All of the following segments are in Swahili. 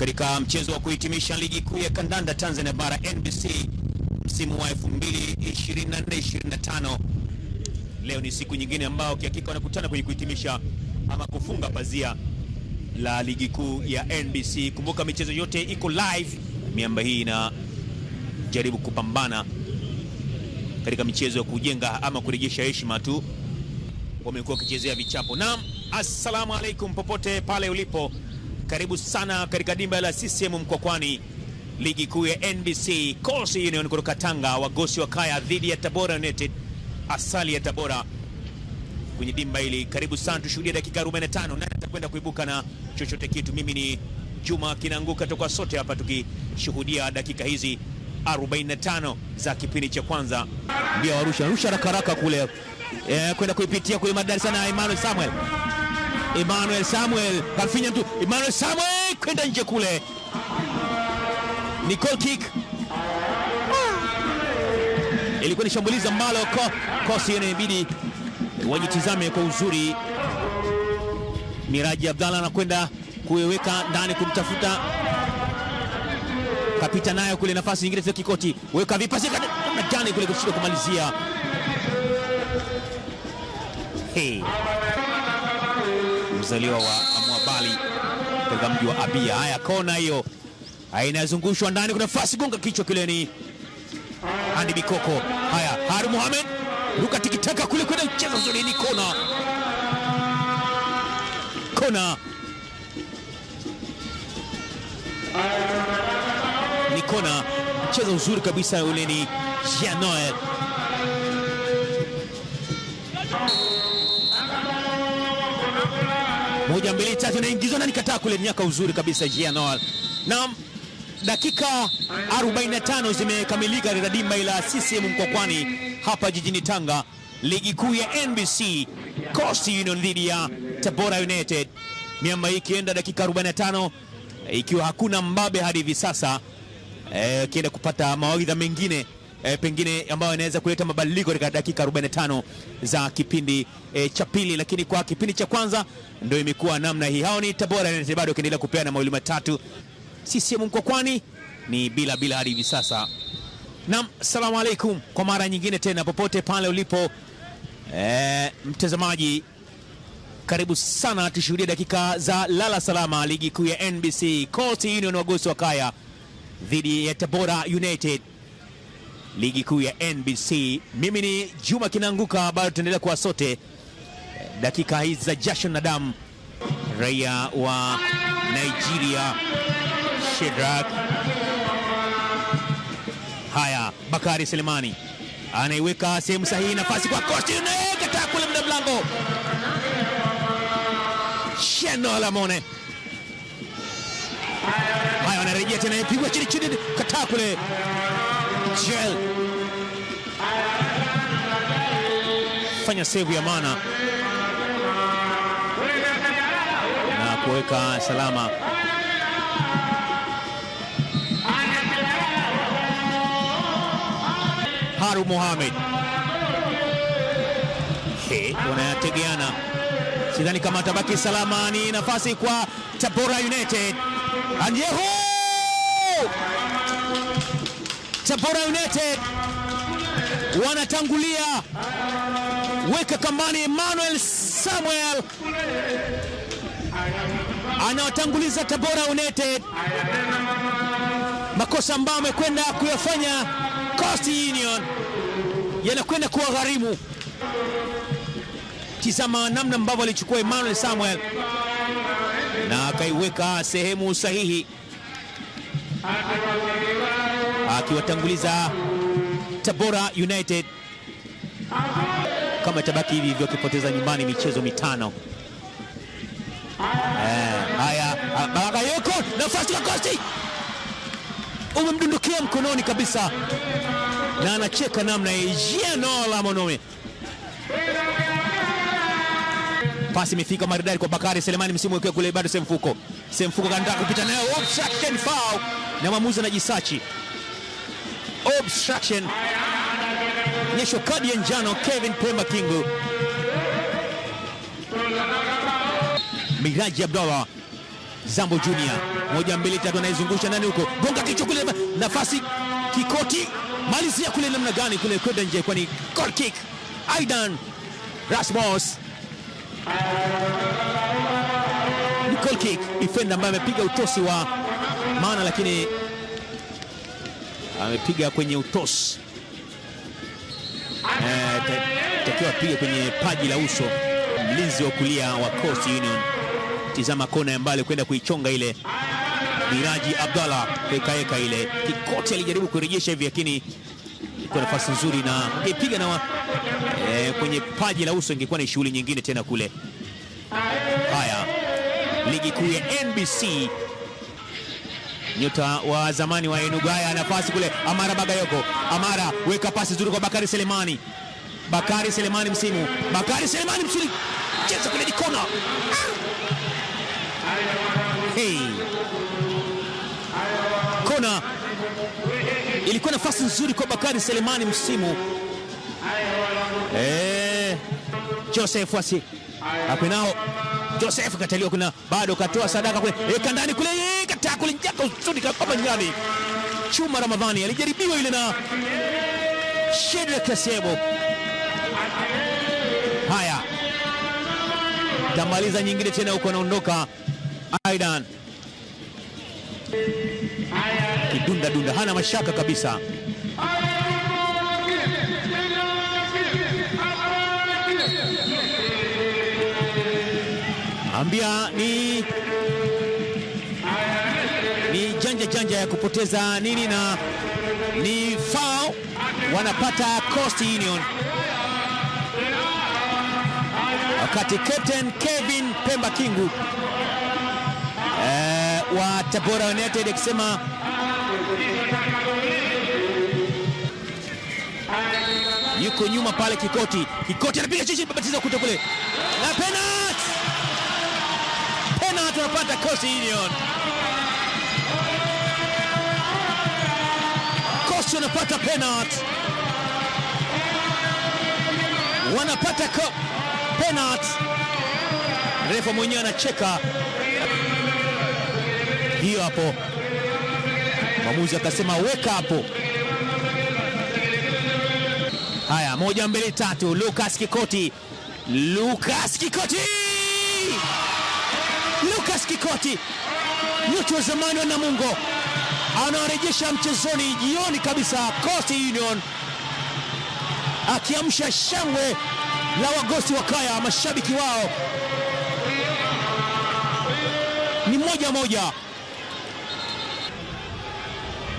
Katika mchezo wa kuhitimisha ligi kuu ya kandanda Tanzania bara NBC msimu wa 2024-2025 leo ni siku nyingine ambao kihakika wanakutana kwenye kuhitimisha ama kufunga pazia la ligi kuu ya NBC. Kumbuka michezo yote iko live, miamba hii inajaribu kupambana katika michezo ya kujenga ama kurejesha heshima tu, wamekuwa wakichezea vichapo. Naam, assalamu alaikum popote pale ulipo. Karibu sana katika dimba la CCM Mkwakwani, ligi kuu ya NBC. Coastal Union kutoka Tanga, Wagosi wa Kaya dhidi ya Tabora United, Asali ya Tabora kwenye dimba hili. Karibu sana, tushuhudie dakika 45 nani atakwenda kuibuka na chochote kitu. Mimi ni Juma Kinanguka, toka sote hapa tukishuhudia dakika hizi 45 za kipindi cha kwanza. Mbia warusha rusha rakaraka kule, e, kwenda kuipitia kule madari sana Emmanuel Samuel Emmanuel Samuel Rafinha tu Emmanuel Samuel kwenda nje kule, Nicole kick. ilikuwa ni shambulizi ambalo kosi inabidi wajitizame kwa uzuri. Miraji Abdalla anakwenda kuiweka ndani kumtafuta, kapita nayo kule, nafasi nyingine tena, Kikoti weka vipasi jani kule, kushika kumalizia. Hey mzaliwa wa Mwabali katika mji wa Abia. Haya, kona hiyo inazungushwa ndani, kuna nafasi, gonga kichwa kile, ni Andy Bikoko. Haya, Haru Mohamed ruka tikitaka kule kwenda mchezo zuri, ni kona, kona ni kona, mchezo mzuri kabisa ule ni Jean Noel moja mbili tatu, naingizwa na nikataa kule, miaka uzuri kabisa Jeanol na dakika 45 zimekamilika katika dimba la CCM Mkwakwani hapa jijini Tanga, ligi kuu ya NBC, Coastal Union dhidi ya Tabora United. Miamba hii ikienda dakika 45 ikiwa hakuna mbabe hadi hivi sasa, akienda eh, e, kupata mawaidha mengine e, pengine ambayo inaweza kuleta mabadiliko katika dakika 45 za kipindi e, cha pili, lakini kwa kipindi cha kwanza ndio imekuwa namna hii. Hao ni Tabora United bado wakiendelea kupeana mawili matatu, CCM Mkwakwani ni bila bila hadi hivi sasa. Naam, salamu alaikum kwa mara nyingine tena popote pale ulipo e, mtazamaji karibu sana, tushuhudie dakika za lala salama ligi kuu ya NBC Coastal Union wagosi wa Kaya dhidi ya Tabora United ligi kuu ya NBC. Mimi ni Juma Kinaanguka, bado tunaendelea kuwa sote dakika hizi za jasho na damu. Raia wa Nigeria Shedrack, haya Bakari Selemani anaiweka sehemu sahihi, nafasi kwa Kosti, unayekataa kule mda mlango Sheno Lamone haya, anarejea tena, yapigwa chini chini, kataa kule Angel fanya save ya mana na kuweka salama Haru Mohamed. He, wanayategeana, sidhani kama atabaki salama. Ni nafasi kwa Tabora United. Anjehu Tabora United wanatangulia, weka kambani. Emmanuel Samuel anawatanguliza Tabora United, makosa ambayo amekwenda kuyafanya Coast Union yanakwenda kuwa gharimu. Tizama namna ambavyo alichukua Emmanuel Samuel na akaiweka sehemu sahihi akiwatanguliza Tabora United. Kama itabaki hivi hivyo, akipoteza nyumbani michezo mitano. Eh, haya, ah, Bakayoko, nafasi ya kosti umemdundukia mkononi kabisa, na anacheka namna la Monome. Pasi imefika maridadi kwa Bakari Selemani msimu ukiwa kule, bado Semfuko, Semfuko kanataka kupita nayo, na mwamuzi anajisachi obstruction. Nyesho kadi ya njano Kevin Pemba Kingu. Miraji Abdalla Zambo Junior, moja mbili tatu, anaizungusha nani huko, gonga kichwa kule, nafasi Kikoti, malizia kule namna gani kule, kwenda nje, kwani goal kick. Aidan Rasmus ni corner kick, defender ambaye amepiga utosi wa maana, lakini amepiga kwenye utosi eh, takiwa apige kwenye paji la uso. Mlinzi wa kulia wa Coast Union, tizama kona ya mbali kwenda kuichonga ile. Miraji Abdallah hekaheka ile Kikoti alijaribu kurejesha hivi, lakini kwa nafasi nzuri na ipiga na e, kwenye paji la uso, ingekuwa ni shughuli nyingine tena kule. Haya, ligi kuu ya NBC nyota wa zamani wa Enugaya, nafasi kule, Amara Bagayoko. Amara weka pasi nzuri kwa Bakari Selemani, Bakari Selemani msimu, Bakari Selemani msuri, cheza kule dikona. Hey, kona ilikuwa nafasi nzuri kwa Bakari Selemani msimu. Hey, eh. Joseph wasi hapo nao Joseph kataliwa, kuna bado katoa sadaka kule, eka ndani kule yee attack, ulijaga usudi kama nyani. Chuma Ramadhani alijaribiwa ile na Shedrack Kasebo. Haya, tamaliza nyingine tena huko, anaondoka Aidan kidunda dunda, hana mashaka kabisa. Ambia ni janja janja ya kupoteza nini, na ni fao wanapata Coast Union, wakati captain Kevin Pemba Kingu eh, wa Tabora United akisema yuko nyuma pale Kikoti. Kikoti anapiga chichi, babatiza kuta kule na penalty, penalty anapata Coast Union. West wanapata penalty, wanapata penalty. Refa mwenyewe anacheka hiyo hapo, mwamuzi akasema weka hapo. Haya, moja mbili tatu. Lucas Kikoti, Lucas Kikoti, Lucas Kikoti, nyota wa zamani wa Namungo anawarejesha mchezoni jioni kabisa Coastal Union, akiamsha shangwe la wagosi wa kaya, mashabiki wao ni moja moja,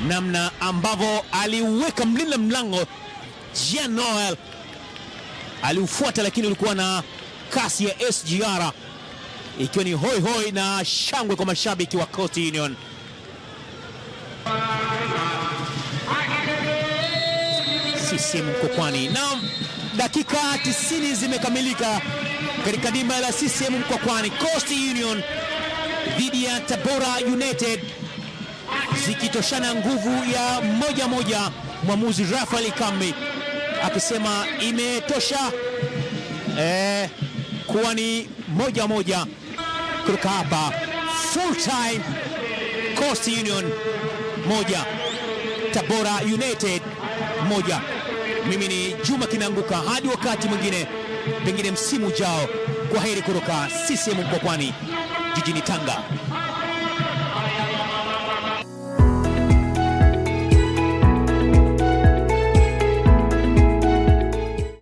namna ambavyo aliuweka mlinda mlango Jean Noel aliufuata, lakini ulikuwa na kasi ya SGR, ikiwa ni hoihoi hoi na shangwe kwa mashabiki wa Coastal Union. CCM Mkokwani. Naam, dakika 90 zimekamilika katika dimba la CCM Mkokwani, Coast Union dhidi ya Tabora United zikitoshana nguvu ya moja moja, mwamuzi Rafael Kambi akisema imetosha eh, kuwa ni moja moja kutoka hapa full time. Coast Union moja Tabora United moja. Mimi ni Juma kinaanguka hadi wakati mwingine, pengine msimu ujao. Kwa heri kutoka CCM Mkwakwani jijini Tanga.